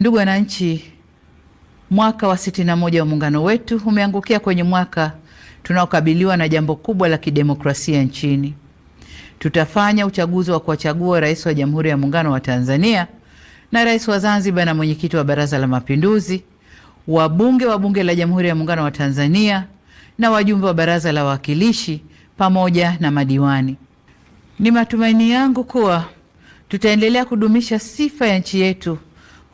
Ndugu wananchi, mwaka wa sitini na moja wa muungano wetu umeangukia kwenye mwaka tunaokabiliwa na jambo kubwa la kidemokrasia nchini. Tutafanya uchaguzi wa kuwachagua rais wa Jamhuri ya Muungano wa Tanzania na rais wa Zanzibar na mwenyekiti wa Baraza la Mapinduzi, wabunge wa Bunge la Jamhuri ya Muungano wa Tanzania na wajumbe wa Baraza la Wawakilishi pamoja na madiwani. Ni matumaini yangu kuwa tutaendelea kudumisha sifa ya nchi yetu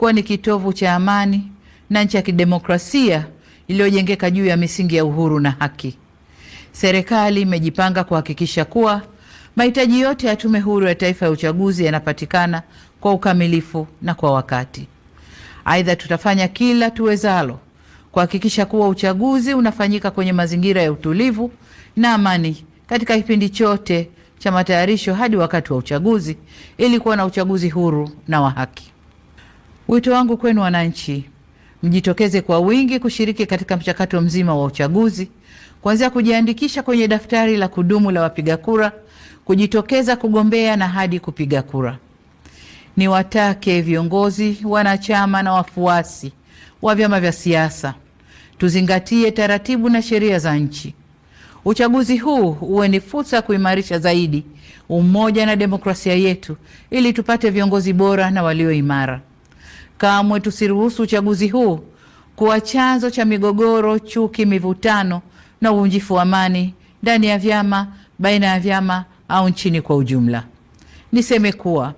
kuwa ni kitovu cha amani na nchi ya kidemokrasia iliyojengeka juu ya misingi ya uhuru na haki. Serikali imejipanga kuhakikisha kuwa mahitaji yote ya Tume Huru ya Taifa ya Uchaguzi yanapatikana kwa ukamilifu na kwa wakati. Aidha, tutafanya kila tuwezalo kuhakikisha kuwa uchaguzi unafanyika kwenye mazingira ya utulivu na amani katika kipindi chote cha matayarisho hadi wakati wa uchaguzi ili kuwa na uchaguzi huru na wa haki. Wito wangu kwenu wananchi, mjitokeze kwa wingi kushiriki katika mchakato mzima wa uchaguzi, kuanzia kujiandikisha kwenye daftari la kudumu la wapiga kura, kujitokeza kugombea na hadi kupiga kura. Niwatake viongozi, wanachama na wafuasi wa vyama vya siasa tuzingatie taratibu na sheria za nchi. Uchaguzi huu uwe ni fursa ya kuimarisha zaidi umoja na demokrasia yetu ili tupate viongozi bora na walio imara. Kamwe tusiruhusu uchaguzi huu kuwa chanzo cha migogoro, chuki, mivutano na uvunjifu wa amani ndani ya vyama, baina ya vyama au nchini kwa ujumla. Niseme kuwa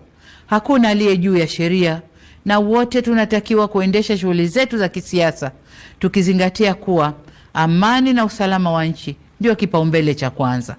hakuna aliye juu ya sheria na wote tunatakiwa kuendesha shughuli zetu za kisiasa tukizingatia kuwa amani na usalama wa nchi ndio kipaumbele cha kwanza.